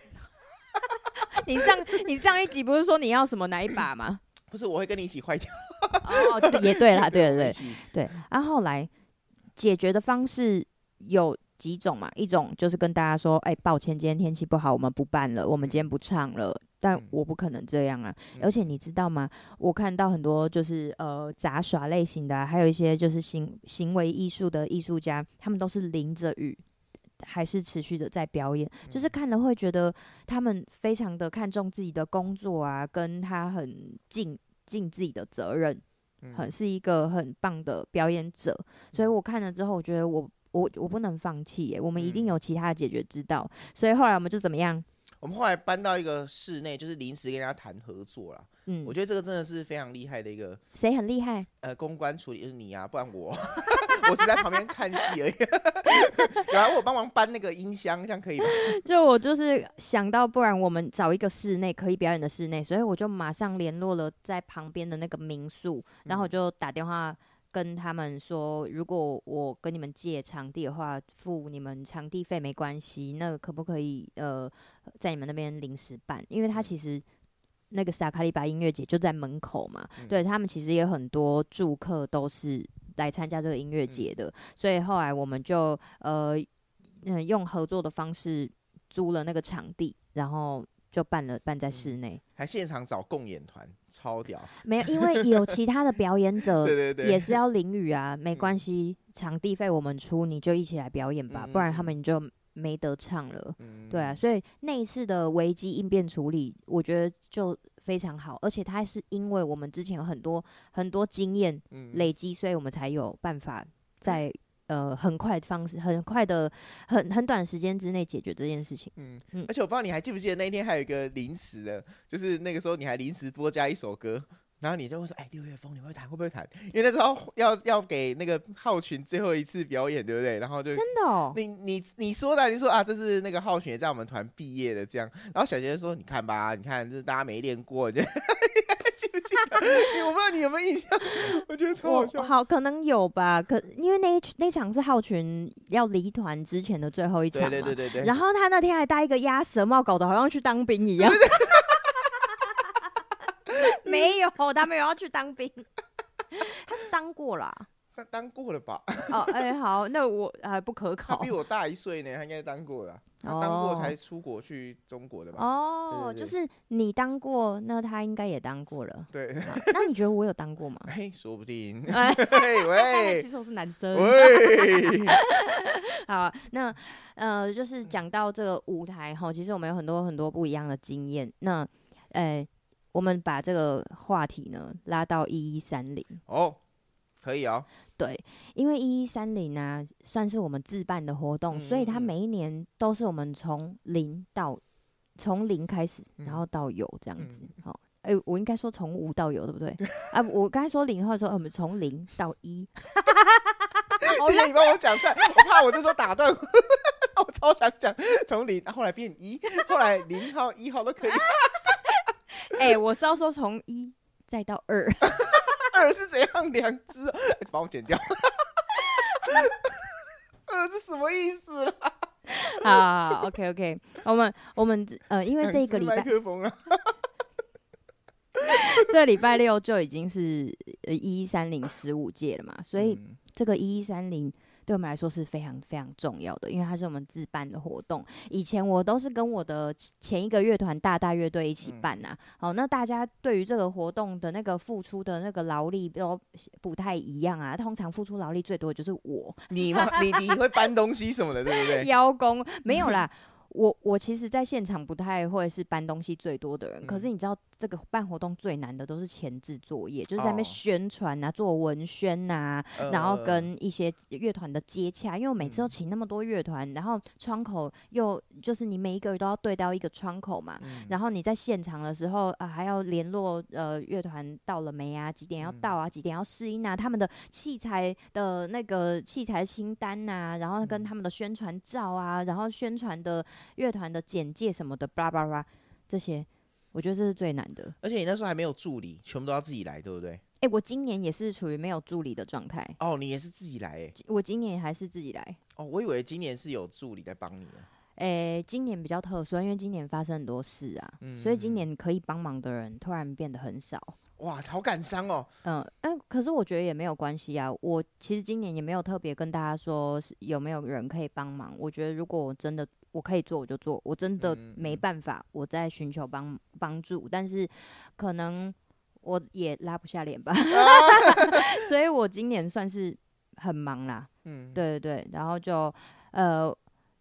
你上 你上一集不是說你要什麼哪一把嗎？不是我會跟你一起壞掉， 哦，哦也對啦，對對對，然、啊、後來解決的方式有幾種嘛？一種就是跟大家說，哎、欸，抱歉，今天天氣不好，我們不辦了，我們今天不唱了。嗯、但我不可能這樣啊、嗯！而且你知道嗎？我看到很多就是呃雜耍類型的、啊，還有一些就是行行為藝術的藝術家，他們都是淋着雨，還是持續的在表演、嗯。就是看了會覺得他們非常的看重自己的工作啊，跟他很近。盡自己的責任，很是一個很棒的表演者，嗯、所以我看了之後，我覺得我我我不能放棄、欸、我們一定有其他的解決之道、嗯，所以後來我們就怎麼樣？我們後來搬到一個室內，就是臨時跟人家談合作啦。嗯，我覺得這個真的是非常厲害的一個，誰很厲害？呃，公關處理就是你啊，不然我。 我是在旁邊看戲而已 然後我幫忙搬那個音箱，這樣可以嗎？ 就我就是想到，不然我們找一個室內可以表演的室內，所以我就馬上聯絡了在旁邊的那個民宿，然後我就打電話跟他們說，嗯、如果我跟你們借場地的話，付你們場地費沒關係，那可不可以呃在你們那邊臨時辦？因為他其實、嗯、那個沙卡里巴音樂節就在門口嘛，嗯、對他們其實也很多住客都是。來參加這個音樂節的、嗯，所以後來我們就呃、嗯，用合作的方式租了那個場地，然後就辦了，辦在室內、嗯，還現場找共演團，超屌。沒有，因為有其他的表演者， 也是要淋雨啊，沒關係、嗯，場地費我們出，你就一起來表演吧，嗯、不然他們你就。沒得唱了、嗯，對啊，所以那一次的危機應變處理，我覺得就非常好，而且它是因為我們之前有很多很多經驗累積、嗯，所以我們才有辦法在、嗯、呃很快的方式、很快的、很很短時間之內解決這件事情嗯。嗯，而且我不知道你還記不記得那天還有一個臨時的，就是那個時候你還臨時多加一首歌。然後你就會說，哎、欸，六月風你會彈會不會彈？因為那時候要要給那個浩群最後一次表演，對不對？然後就真的、哦，你你你說的，你說啊，這是那個浩群在我們團畢業的這樣。然後小杰說，你看吧，你看，就是大家沒練過，記 不記去得？ 我不知道你有沒有印象？我覺得超好笑。好，可能有吧，可因為那一那一場是浩群要離團之前的最後一場嘛，對對對對對，對。然後他那天還戴一個鴨舌帽，搞得好像去當兵一樣。 沒有，他沒有要去當兵， 他是當過啦、啊。他當過了吧？哦，哎，好，那我還不可考。他比我大一歲呢，他應該當過了。哦，當過才出國去中國的吧？哦、oh.，就是你當過，那他應該也當過了。對，那你覺得我有當過嗎？哎， 說不定。喂 其實我是男生。喂， 好、啊，那呃，就是講到這個舞台哈，其實我們有很多很多不一樣的經驗。那，哎、欸。我們把這個話題呢拉到一一三零哦，可以啊、哦。對，因為一一三零啊，算是我們自辦的活動，嗯、所以它每一年都是我們從零到從零開始，然後到有這樣子。好、嗯，哎、哦欸，我應該說從無到有，對不對？ 啊，我剛才說零號說、欸、我們從零到一，今 天 你幫我講算我怕我就說打斷， 我超想講從零，後來變一，後來零號一號都可以。 哎、欸，我是要說從一再到二 ， 二是怎樣？兩支、欸，把我剪掉， 二是什麼意思啊？啊，OK OK，我們我們呃，因為這一個禮拜，啊、 這禮拜六就已經是呃一三零十五屆了嘛，所以這個一三零。對我們來說是非常非常重要的，因為它是我們自辦的活動。以前我都是跟我的前一個樂團大大樂隊一起辦啊。好、嗯哦，那大家對於這個活動的那個付出的那個勞力都不太一樣啊。通常付出勞力最多的就是我，你嗎？ 你你，你會搬東西什麼的，對不對？邀功沒有啦。 我我其實在現場不太會是搬東西最多的人，嗯、可是你知道這個辦活動最難的都是前置作業，就是在那邊宣傳啊，Oh. 做文宣吶、啊，Uh. 然後跟一些樂團的接洽，因為我每次都請那麼多樂團，然後窗口又就是你每一個人都要對到一個窗口嘛，嗯、然後你在現場的時候啊還要聯絡呃樂團到了沒啊，幾點要到啊，幾點要試音啊，他們的器材的那個器材清單啊，然後跟他們的宣傳照啊，然後宣傳的。樂團的簡介什麼的，巴拉巴拉這些，我覺得這是最難的。而且你那時候還沒有助理，全部都要自己來，對不對？哎、欸，我今年也是處於沒有助理的狀態。哦，你也是自己來、欸？哎，我今年還是自己來。哦，我以為今年是有助理在幫你、啊。哎、欸，今年比較特殊，因為今年發生很多事啊，嗯嗯嗯。所以今年可以幫忙的人突然變得很少。哇，好感傷哦。嗯嗯，嗯，可是我覺得也沒有關係啊。我其實今年也沒有特別跟大家說有沒有人可以幫忙。我覺得如果我真的我可以做我就做，我真的沒辦法，嗯、我在尋求幫幫助，但是可能我也拉不下臉吧，啊、 所以我今年算是很忙啦。嗯、對對對，然後就呃，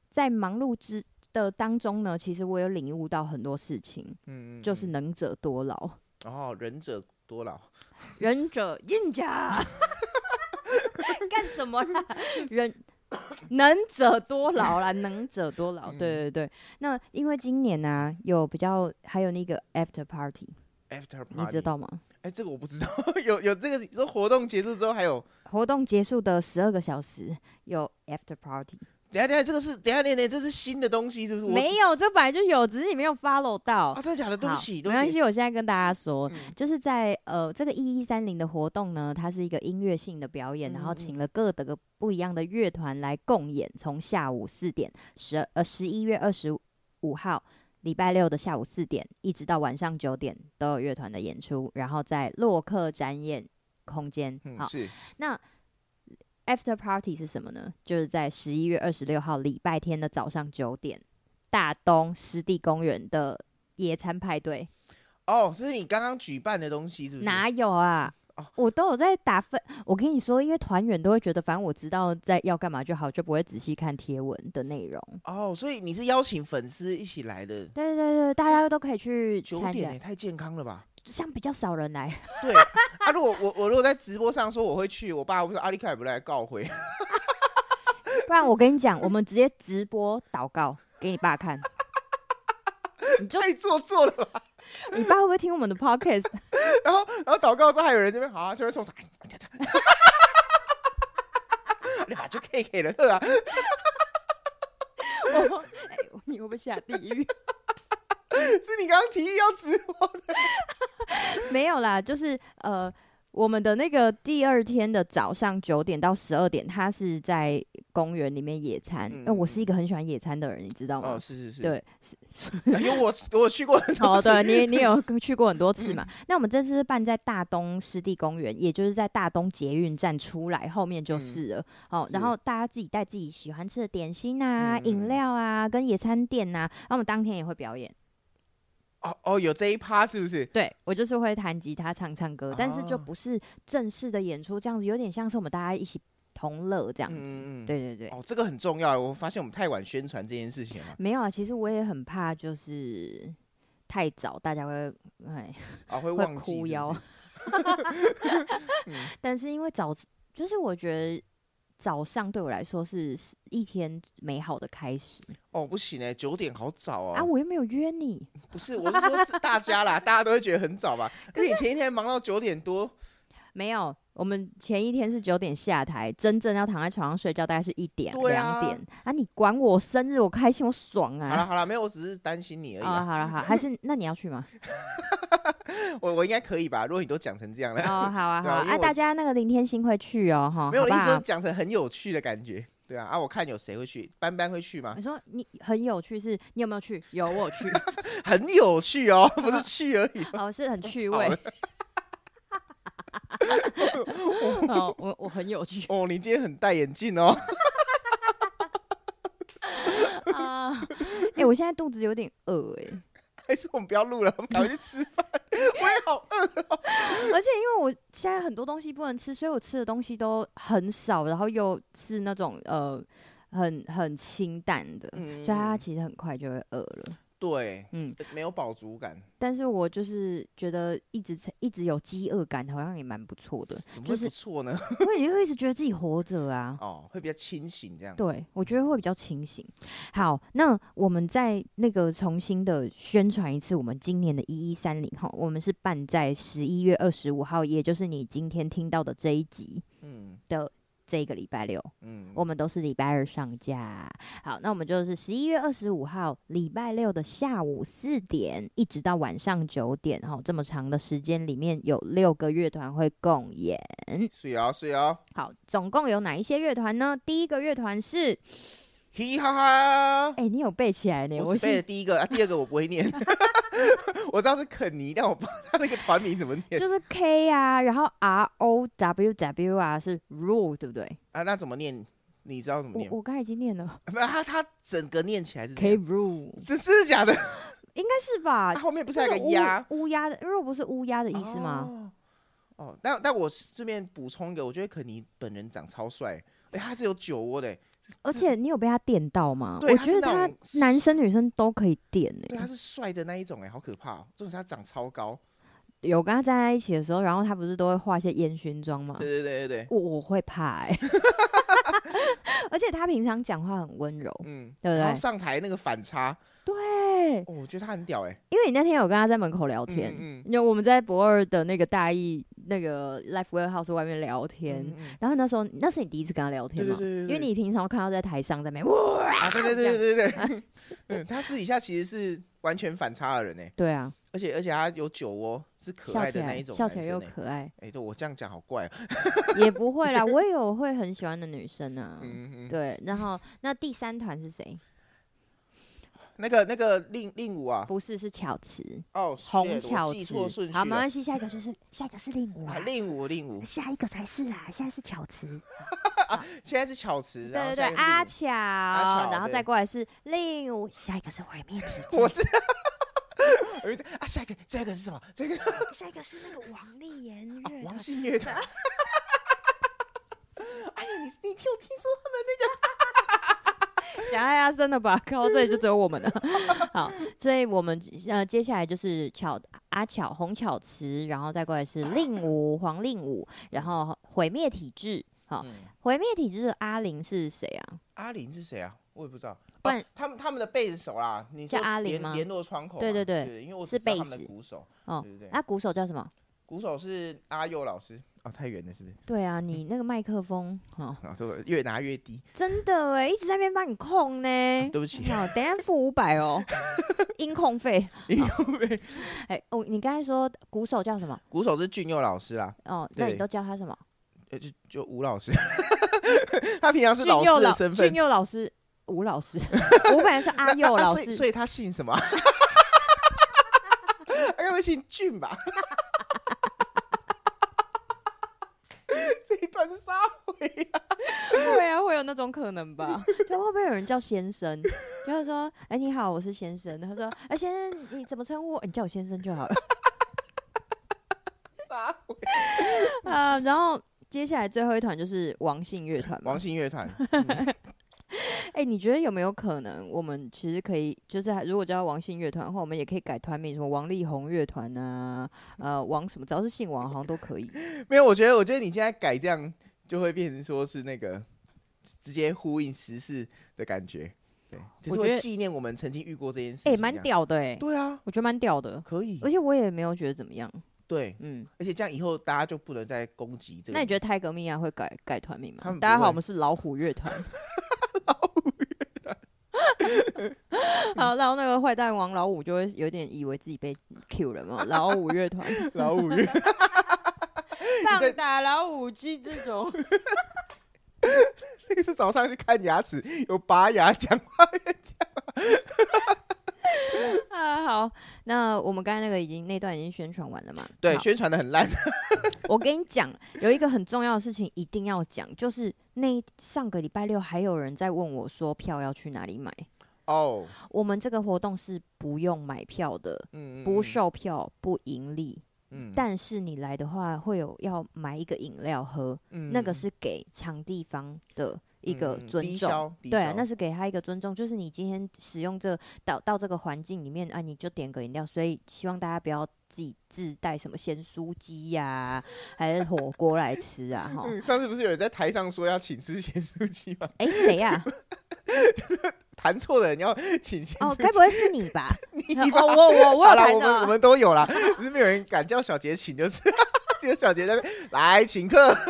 在忙碌之的當中呢，其實我有領悟到很多事情，嗯嗯嗯就是能者多勞，然後忍者多勞，忍者硬甲， 幹什麼啦？仁。 能者多勞啦，能者多勞。 嗯、對對對，那因為今年呢、啊，有比較，還有那個 after party，after party。你知道嗎？哎，這個我不知道。有有這個，說活動結束之後還有活動結束的十二個小時，有 after party。等下，等下，這個是等下，等下等下，這是新的東西，是不是？沒有，這本來就有，只是你沒有 follow 到。啊，真的假的？對不起，不起沒關係。我現在跟大家說，嗯、就是在呃這個一一三零的活動呢，它是一個音樂性的表演，嗯，然後請了各的個不一樣的樂團來共演。從下午四點十呃十一月二十五號禮拜六的下午四點，一直到晚上九點都有樂團的演出，然後在洛克展演空間，嗯。好，是那。After party 是什麼呢？就是在十一月二十六號禮拜天的早上九點，大東濕地公園的野餐派對。哦，這是你剛剛舉辦的東西，是不是？哪有啊？哦，我都有在打分。我跟你說，因為團員都會覺得，反正我知道在要幹嘛就好，就不會仔細看貼文的內容。哦，所以你是邀請粉絲一起來的？對對對，大家都可以去。九點、欸，太健康了吧？像比較少人來，對。啊，如果我我如果在直播上說我會去，我爸會說阿麗卡也不會來告回 ，不然我跟你講，我們直接直播禱告給你爸看，你就太做作了吧。你爸會不會聽我們的 podcast？ 然後然後禱告說還有人這邊好、啊，這邊衝啥？哈你哈就 k K 了。」對吧？你會不會下地獄哈哈哈哈哈！哈 是你剛剛提議要直播的？ 沒有啦，就是呃，我們的那個第二天的早上九點到十二點，他是在公園裡面野餐。哎、嗯，我是一個很喜歡野餐的人、嗯，你知道嗎？哦，是是是，對，因為、哎、我我去過很多次。 哦，對，你你有去過很多次嘛？嗯、那我們這次是辦在大東濕地公園，也就是在大東捷運站出來後面就是了、嗯哦是。然後大家自己帶自己喜歡吃的點心啊、飲、嗯、料啊，跟野餐墊吶、啊，那我們當天也會表演。哦哦，有這一趴是不是？對，我就是會彈吉他、唱唱歌、哦，但是就不是正式的演出，這樣子有點像是我們大家一起同樂這樣子。嗯，嗯，對對對。哦，這個很重要，我發現我們太晚宣傳這件事情了。沒有啊，其實我也很怕，就是太早大家會哎啊會忘記是不是、 嗯。但是因為早，就是我覺得。早上對我來說是一天美好的開始。哦，不行誒，九點好早哦，喔。啊，我又沒有約你。不是，我是說大家啦， 大家都會覺得很早吧？ 可是你前一天忙到九點多，沒有。我們前一天是九點下台，真正要躺在床上睡覺大概是一點兩點啊！點啊，你管我生日，我開心，我爽啊！好了好了，沒有，我只是擔心你而已。好了好，了，還是那你要去嗎？ 我我應該可以吧？如果你都講成這樣了，哦好啊好啊，好啊，啊，好啊，啊，大家那個林天心會去哦哈，沒有林天講成很有趣的感覺，好好對啊啊我看有誰會去，班班會去嗎？你說你很有趣是，是你有沒有去？有我有去， 很有趣哦，不是去而已，哦 是很趣味。 好的 我我，我，我很有趣哦，你今天很戴眼鏡哦。啊，哎，我現在肚子有點餓哎、欸，還是我們不要錄了，我們去吃飯。 我也好餓、哦， 而且因為我現在很多東西不能吃，所以我吃的東西都很少，然後又是那種呃很很清淡的、嗯，所以它其實很快就會餓了。對，嗯，沒有飽足感，但是我就是覺得一直一直有飢餓感，好像也蠻不錯的。怎麼會不錯呢？我、就、也、是、 會一直覺得自己活着啊。哦，會比較清醒這樣。對，我覺得會比較清醒。好，那我們再那個重新的宣傳一次，我們今年的“一一三零”齁，我們是辦在十一月二十五號，也就是你今天聽到的這一集，嗯的。這個禮拜六，嗯，我們都是禮拜二上架。好，那我們就是十一月二十五號禮拜六的下午四點，一直到晚上九點，哦，這麼長的時間裡面，有六個樂團會共演。是啊，哦，是啊，哦。好，總共有哪一些樂團呢？第一個樂團是。嘻哈哈！哎，你有背起來呢？我背的第一個 啊，第二個我不會念。 我知道是肯尼，但我把他那個團名怎麼唸？就是 K 呀、啊，然後 R O W W R 是 Rule 對不對？啊，那怎麼唸？你知道怎麼唸？我剛才已經唸了。沒有他，他整個唸起來是 K r u e 這是假的？應該是吧、啊？後面不是還有一個烏鴉烏鴉的 rule 不是烏鴉的意思嗎？哦，哦，那那我順便補充一個，我覺得肯尼本人長超帥，哎、欸，他是有酒窩的、欸。而且你有被他電到嗎？我覺得他男生女生都可以電哎、欸。他是帥的那一種哎、欸，好可怕、喔！就是他長超高，有跟他站在一起的時候，然後他不是都會化一些煙燻妝嗎？對對對對對，我我會怕哎、欸。 而且他平常講話很溫柔，嗯，對不對？上台那個反差，對、啊。對、哦，我覺得他很屌哎、欸，因為你那天有跟他在門口聊天，嗯，嗯，有我們在駁二的那個大義那個 Live Warehouse 外面聊天，嗯嗯，然後那時候，那是你第一次跟他聊天嗎對對對對？因為你平常看到在台上在那邊，哇、啊啊對對對，對對對對對、 嗯、他私底下其實是完全反差的人呢、欸，對啊，而且而且他有酒窩、喔，是可愛的那一種、欸笑，笑起來又可愛，哎、欸，對，我這樣講好怪、啊， 也不會啦，我也有會很喜歡的女生啊，嗯嗯對，然後那第三團是誰？那個、那個令令五啊，不是，是巧慈哦，紅、oh, 巧慈記錯順序，好，沒關係，下一個就是，下一個是令舞啊, 啊，令舞，令舞，下一個才是啦，現在是巧慈、 啊，現在是巧慈， 對對對阿，阿巧，然後再過來是令舞，下一個是毀滅體質， 我知道 啊，下一個，下一個是什麼？這個？下一個是那個王立言、 啊、王心月。 哎呀，你你聽我聽說他們那個。 想愛阿、啊、生的吧，靠這裡就只有我們了。 好，所以我們呃接下來就是巧阿巧紅巧慈，然後再過來是令吾黃令吾，然後毀滅體制。好、嗯，毀滅體制的阿玲是誰啊？阿玲是誰啊？我也不知道。然、哦、他們他們的貝斯手你叫阿玲嗎聯？聯絡窗口。對對對，是貝斯的鼓手對對對。哦，那鼓手叫什麼？鼓手是阿佑老師、哦、太遠了是不是？對啊，你那個麥克風啊、嗯哦哦，越拿越低，真的哎，一直在那邊幫你控呢、啊。對不起，哦、等下付五百哦 音控費，音控費，音控費。哎、 欸，哦，你剛才說鼓手叫什麼？鼓手是俊佑老師啊。哦，那你都叫他什麼？欸、就就吳老師。 他平常是老師的身分，俊，俊佑老師，吳老師，吳 本來是阿佑老師、啊所，所以他姓什麼？ 他應該會姓俊吧。 這一團沙尾啊，會啊會有那種可能吧？ 就會不會有人叫先生？就是說，哎、欸，你好，我是先生。他說，哎、欸，先生你怎麼稱呼、欸？你叫我先生就好了。啊 殺回、 呃，然後接下來最後一團就是王姓樂團，王姓樂團。嗯 哎、欸，你覺得有沒有可能，我們其實可以，就是如果叫王姓樂團的話，我們也可以改團名，什麼王力宏樂團啊，呃，王什麼，只要是姓王好像都可以。 沒有，我覺得，我覺得你現在改這樣，就會變成說是那個直接呼應時事的感覺。對，我覺得紀念我們曾經遇過這件事、啊，哎，蠻、欸、屌的、欸，對啊，我覺得蠻屌的，可以。而且我也沒有覺得怎麼樣。對，嗯，而且這樣以後大家就不能再攻擊這個。那你覺得泰格米亞會改改團名嗎？大家好，我們是老虎樂團。 好，然後那個壞蛋王老五就會有點以為自己被 cue 了嘛。老五樂團， 老五樂團，打老五 G 這種， 那個是早上去看牙齒，有拔牙、講話、 啊，好，那我們剛才那個已經那段已經宣傳完了嘛？對，宣傳得很爛。 我跟你講，有一個很重要的事情一定要講，就是那上個禮拜六還有人在問我說票要去哪裡買哦。Oh. 我們這個活動是不用買票的，嗯、不售票、嗯、不盈利。嗯，但是你來的話會有要買一個飲料喝、嗯，那個是給場地方的。一個尊重，對、啊，那是給他一個尊重，就是你今天使用這導、個、到，到這個環境裡面，啊，你就點個飲料，所以希望大家不要自己自帶什麼鹹酥雞呀，還是火鍋來吃啊。哈、 嗯，上次不是有人在台上說要請吃鹹酥雞嗎？哎、欸，誰呀、啊？彈 錯的，你要請鹹酥雞哦，該不會是你吧？ 你吧哦、我我我，我有彈我們我們都有了，可 是沒有人敢叫小杰請，就是只有 小杰那邊來請客。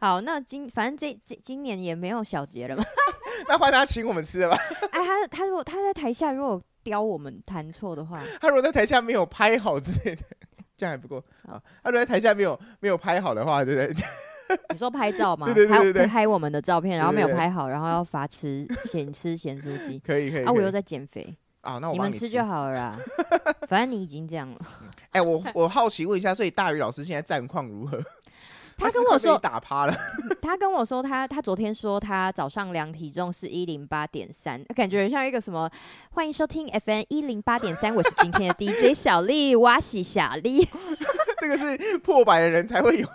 好，那今反正這今年也沒有小結了吧？ 那換他請我們吃吧。哎，他他如果他在台下如果刁我們彈錯的話，他如果在台下沒有拍好之類的，這樣也不夠。他如果在台下沒有沒有拍好的話，對不對，對？你說拍照嗎？對對對，對，對不拍我們的照片，然後沒有拍好，然後要罰吃鹹吃鹹酥雞。 可以可以。啊，我又在減肥啊，那我你，你們吃就好了啦， 反正你已經這樣了。哎、欸，我我好奇問一下，所以大魚老師現在戰況如何？他跟， 他跟我說他跟我說，他他昨天說，他早上量體重是一零八點三，感覺像一個什麼？歡迎收聽 FM 一零八點三，我是今天的 DJ 小麗，哇西小麗。 這個是破百的人才會有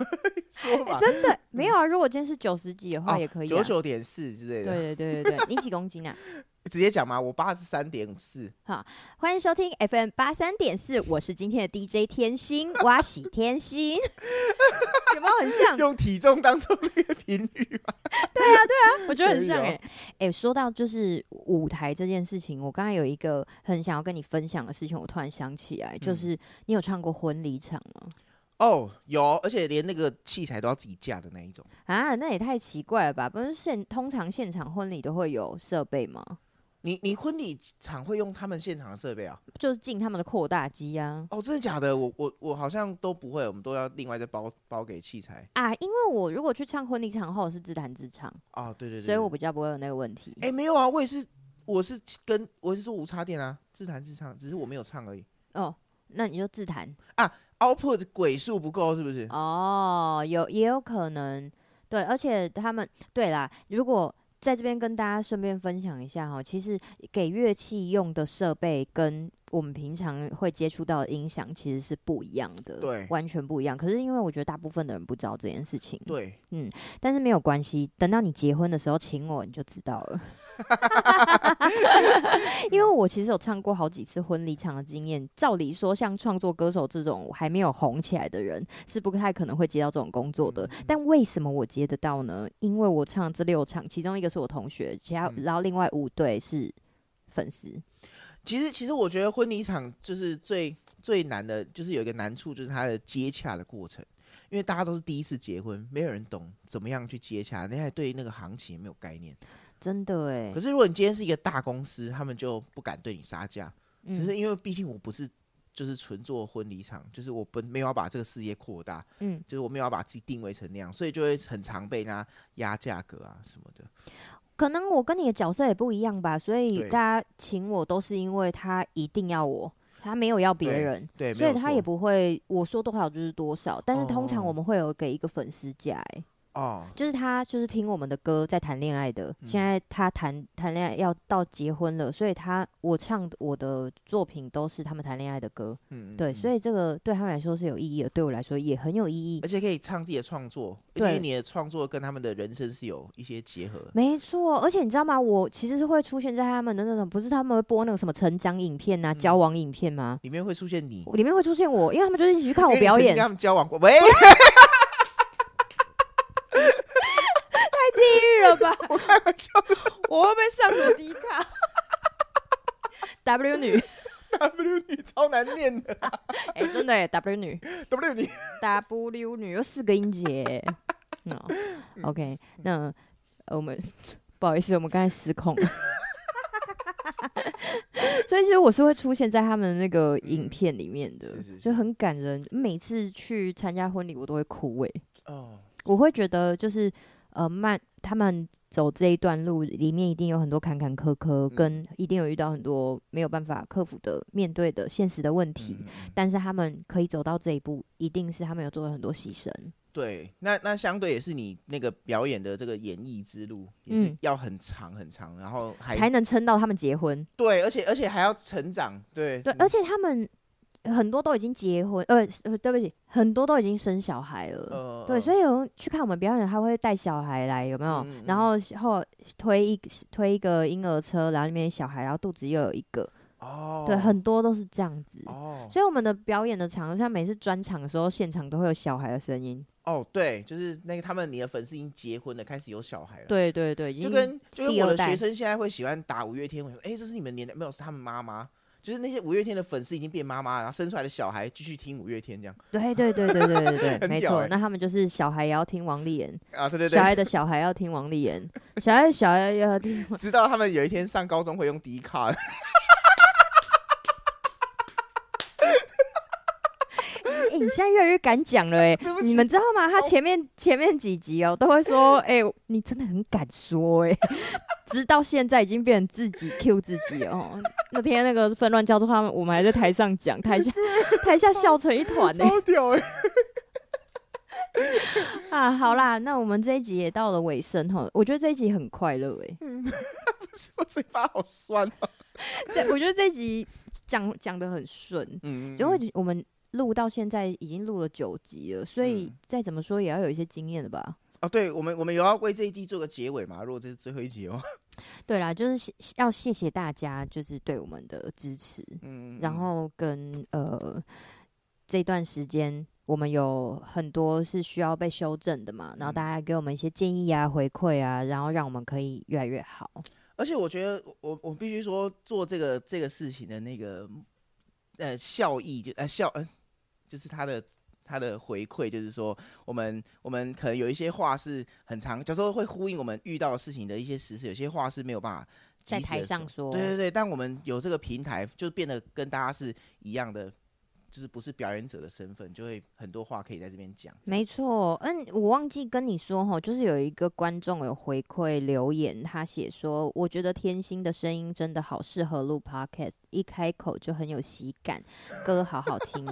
說法。欸，真的沒有啊？如果今天是九十幾的話，也可以九九點四之類的。對對對對，你幾公斤啊？ 直接講嘛，我八十三點五四。好，歡迎收聽 FM 八三點四，我是今天的 DJ 天心， 哇，喜天心， 有沒有很像？用體重當中那個頻率嗎？ 對啊，對啊，我覺得很像哎、欸。哎、欸，說到就是舞台這件事情，我剛才有一個很想要跟你分享的事情，我突然想起來，就是你有唱過婚禮場嗎？哦、嗯，oh, 有，而且連那個器材都要自己架的那一種啊，那也太奇怪了吧？不然是現通常現場婚禮都會有設備嗎？你你婚禮場會用他們現場的設備啊？就是進他們的擴大機啊。哦，真的假的？我我我好像都不會，我們都要另外再包包給器材啊。因為我如果去唱婚禮場後是自彈自唱啊，哦、對，對對對，所以我比較不會有那個問題。誒、欸，沒有啊，我也是，我是跟我是說無插電啊，自彈自唱，只是我沒有唱而已。哦，那你就自彈啊？output 的軌數不夠是不是？哦，有也有可能，對，而且他們對啦，如果。在這邊跟大家順便分享一下哈，其實給樂器用的設備跟我們平常會接觸到的音響其實是不一樣的，對，完全不一樣。可是因為我覺得大部分的人不知道這件事情，對，嗯，但是沒有關係，等到你結婚的時候請我你就知道了。 因為我其實有唱過好幾次婚禮場的經驗。照理說，像創作歌手這種還沒有紅起來的人，是不太可能會接到這種工作的。嗯、但為什麼我接得到呢？因為我唱這六場，其中一個是我同學，其他然後另外五對是粉絲、嗯。其實，其實我覺得婚禮場就是最最難的，就是有一個難處，就是他的接洽的過程。因為大家都是第一次結婚，沒有人懂怎麼樣去接洽，那還對於那個行情沒有概念。真的哎、欸，可是如果你今天是一個大公司，他們就不敢對你殺價、嗯，就是因為畢竟我不是就是純做婚禮場，就是我本沒有要把這個事業擴大，嗯，就是我沒有要把自己定位成那樣，所以就會很常被人家壓價格啊什麼的。可能我跟你的角色也不一樣吧，所以大家請我都是因為他一定要我，他沒有要別人對，對，所以他也不會我說多少就是多少，但是通常我們會有給一個粉絲價、欸，哎、哦。哦、oh，就是他，就是聽我們的歌在談戀愛的、嗯。現在他談談戀愛要到結婚了，所以他我唱我的作品都是他們談戀愛的歌。嗯，對嗯，所以這個對他們來說是有意義的，對我來說也很有意義。而且可以唱自己的創作，因為你的創作跟他們的人生是有一些結合。沒錯，而且你知道嗎？我其實是會出現在他們的那種，不是他們會播那個什麼成長影片啊、嗯、交往影片嗎？裡面會出現你，裡面會出現我，因為他們就是一起去看我表演， 跟他們交往過。喂。 我開玩笑的， 我會不會上過迪卡 ？W 女，W 女超難念的，哎、、 欸，真的，W 女，W 女，W 女有四個音節。 No，OK，、okay, 嗯、那、嗯啊、我們不好意思，我們剛才失控了。 所以其實我是會出現在他們那個影片裡面的，嗯、是是是，就很感人。每次去參加婚禮，我都會哭。哎，哦，我會覺得就是。呃，慢，他們走這一段路裡面一定有很多坎坎坷坷，跟一定有遇到很多沒有辦法克服的、面對的現實的問題、嗯。但是他們可以走到這一步，一定是他們有做了很多犧牲。對，那那相對也是你那個表演的這個演藝之路，嗯，要很長很長，然後還才能撐到他們結婚。對，而且而且還要成長。對對，而且他們。很多都已經結婚呃，呃，對不起，很多都已經生小孩了。呃、對，所以有去看我們表演他會帶小孩來，有沒有？嗯、然後後推一推一個嬰兒車，然後裡面小孩，然後肚子又有一個。哦、對，很多都是這樣子。哦、所以我們的表演的場合，像每次專場的時候，現場都會有小孩的聲音。哦，對，就是那個他們，你的粉絲已經結婚了，開始有小孩了。對對對，就跟就跟我的學生現在會喜歡打五月天，我說，哎、欸，這是你們年代沒有？是他們媽媽。就是那些五月天的粉絲已經變媽媽，然後生出來的小孩繼續聽五月天這樣。對對對對對對對，對，對、 欸，沒錯。那他們就是小孩也要聽王立言。啊，對對對，小孩的小孩要聽王立言。小孩的小孩要聽。 知道他們有一天上高中會用 Dcard。欸、你現在越來越敢講了哎、欸！你們知道嗎？他前面前面幾集哦、喔，都會說：“哎、欸，你真的很敢說哎、欸！” 直到現在已經變成自己 cue 自己了。那天那個紛亂交通話，他們我們還在台上講，台下台下笑成一團呢、欸。欸、 啊，好啦，那我們這一集也到了尾聲哈。我覺得這一集很快樂哎、欸。嗯， 不是我嘴巴好酸、喔。這我覺得這一集講講的很順，因、嗯、為我們。錄到現在已經錄了九集了，所以再怎麼說也要有一些經驗了吧？嗯。啊，對，我們我們也要為這一季做個結尾嘛。如果這是最後一集哦，對啦，就是要謝謝大家，就是對我們的支持。嗯，嗯，然後跟呃這段時間我們有很多是需要被修正的嘛，然後大家給我們一些建議啊、回饋啊，然後讓我們可以越來越好。而且我覺得我我必須說做這個這個事情的那個呃效益就呃效呃。就是他的他的回饋，就是說，我們我們可能有一些話是很長，有時候會呼應我們遇到的事情的一些實事，有些話是沒有辦法在台上說。對對對，但我們有這個平台，就變得跟大家是一樣的。就是不是表演者的身份，就會很多話可以在這邊講。沒錯，嗯，我忘記跟你說齁，就是有一個觀眾有回饋留言，他寫說，我覺得天心的聲音真的好適合錄 Podcast，一開口就很有喜感，歌好好聽。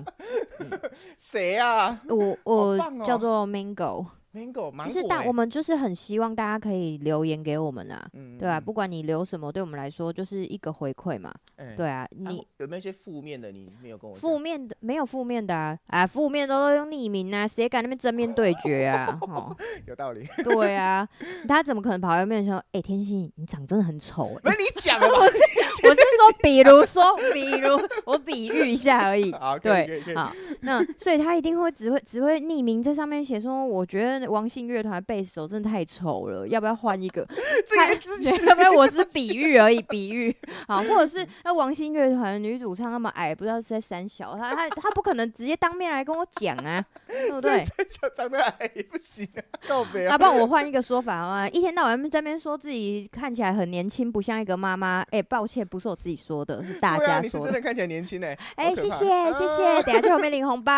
誰、 嗯、啊，我我、哦，、叫做 Mango。其實大我們就是很希望大家可以留言給我們啦、啊嗯嗯嗯，對啊，不管你留什麼，對我們來說就是一個回饋嘛、欸。對啊，你啊有沒有一些負面的？你沒有跟我負面的，沒有負面的啊！啊，負面的都用匿名啊，誰敢那邊正面對決啊、哦哦哦？有道理。對啊，他怎麼可能跑外面說？誒、欸，天心，你長真的很醜、欸。不是你講， 我是我是說，比如說，比如 我比喻一下而已。對，好、啊。那所以他一定會只會只會匿名在上面寫說，我覺得。王信樂團貝斯手真的太醜了，要不要換一個？之前不要？ 我是比喻而已， 比喻。好，或者是 那王信樂團女主唱那麼矮，不知道是在三小，她她不可能直接當面來跟我講啊。 對，對，三小長得矮也不行、啊，她 幫、啊啊、我換一個說法啊！一天到晚在那邊說自己看起來很年輕，不像一個媽媽。哎、欸，抱歉，不是我自己說的，是大家說的、啊。你是真的看起來年輕哎、欸！哎、欸，謝謝、啊、謝謝，等下去後面領紅包。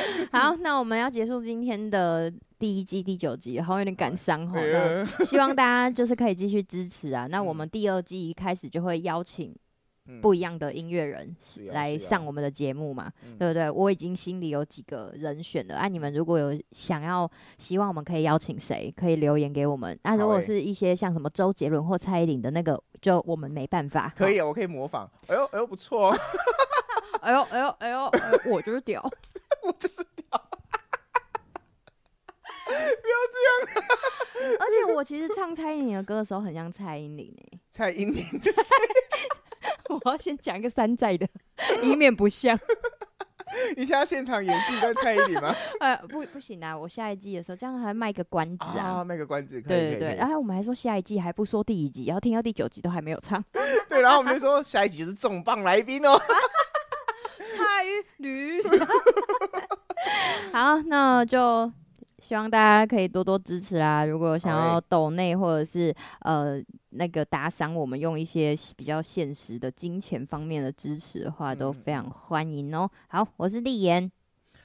好，那我們要結束今天的。第一季第九集，好像有點感傷。好、嗯、那希望大家就是可以繼續支持啊。 那我們第二季一開始就會邀請不一樣的音樂人來上我們的節目嘛、嗯啊啊，對不對？我已經心裡有幾個人選了。那、嗯啊、你們如果有想要，希望我們可以邀請誰，可以留言給我們、欸。那如果是一些像什麼周杰倫或蔡依林的那個，就我們沒辦法。可以、哦哦，我可以模仿。哎呦哎呦不錯，哎呦不錯、哦、 哎呦哎呦，哎呦，我就是屌， 我就是。 不要這樣、啊！ 而且我其實唱蔡依林的歌的時候很像蔡依林誒。蔡依林就是…… 我要先講一個山寨的， 以免不像。 你現在現場演戲在蔡依林嗎？呃、 哎，不，不行啊！我下一季的時候，這樣還賣個關子啊！啊好好賣個關子，對對對。然後、啊、我們還說下一季還不說第一集，然後聽到第九集都還沒有唱。 對，然後我們就說下一集就是重磅來賓哦 蔡依侶林 好，那就。希望大家可以多多支持啊！如果想要抖內或者是、哎、呃那個打賞我們，用一些比較現實的金錢方面的支持的話，嗯、都非常歡迎哦、喔。好，我是立言，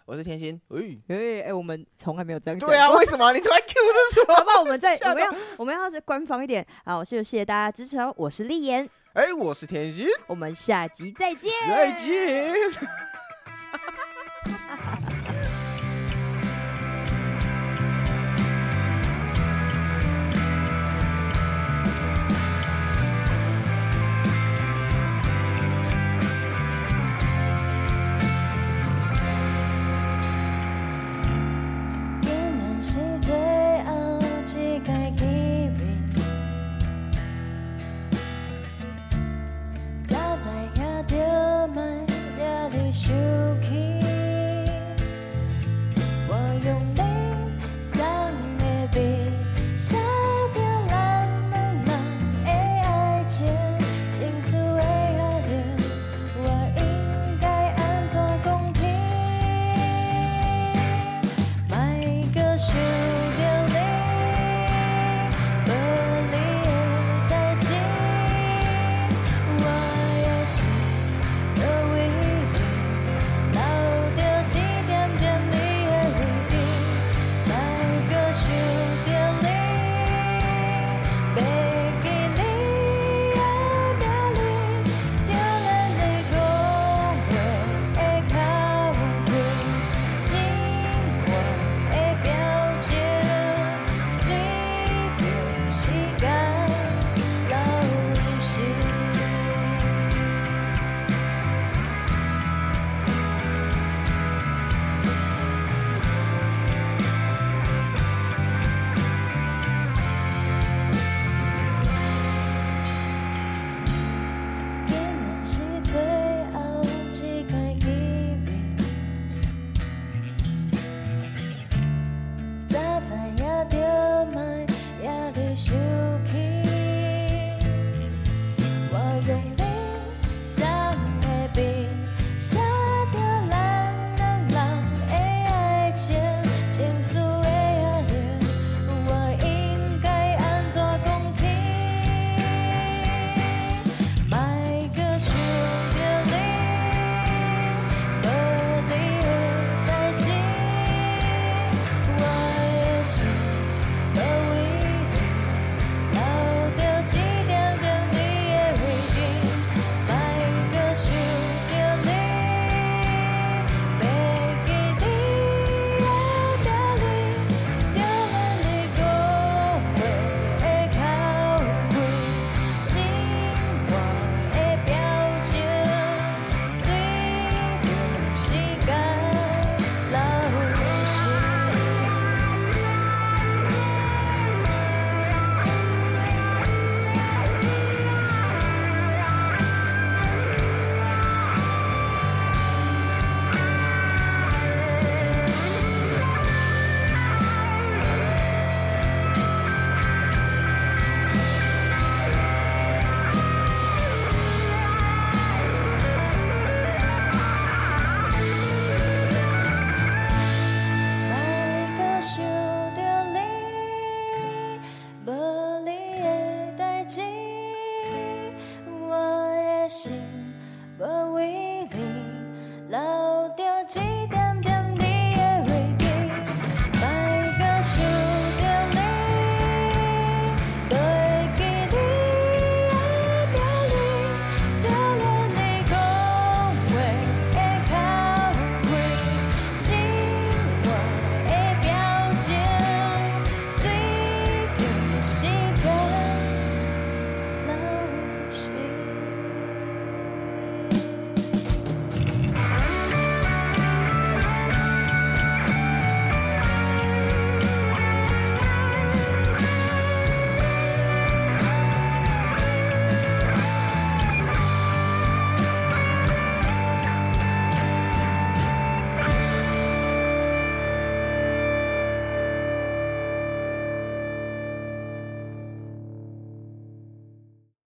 我是甜心。哎哎哎、欸欸，我們從來沒有這樣講過。對啊，為什麼？你太 Q 了， 好不好我？我們再怎麼樣，我們要再官方一點。好，謝謝大家支持、喔。哦。我是立言。哎、欸，我是甜心。我們下集再見，再見。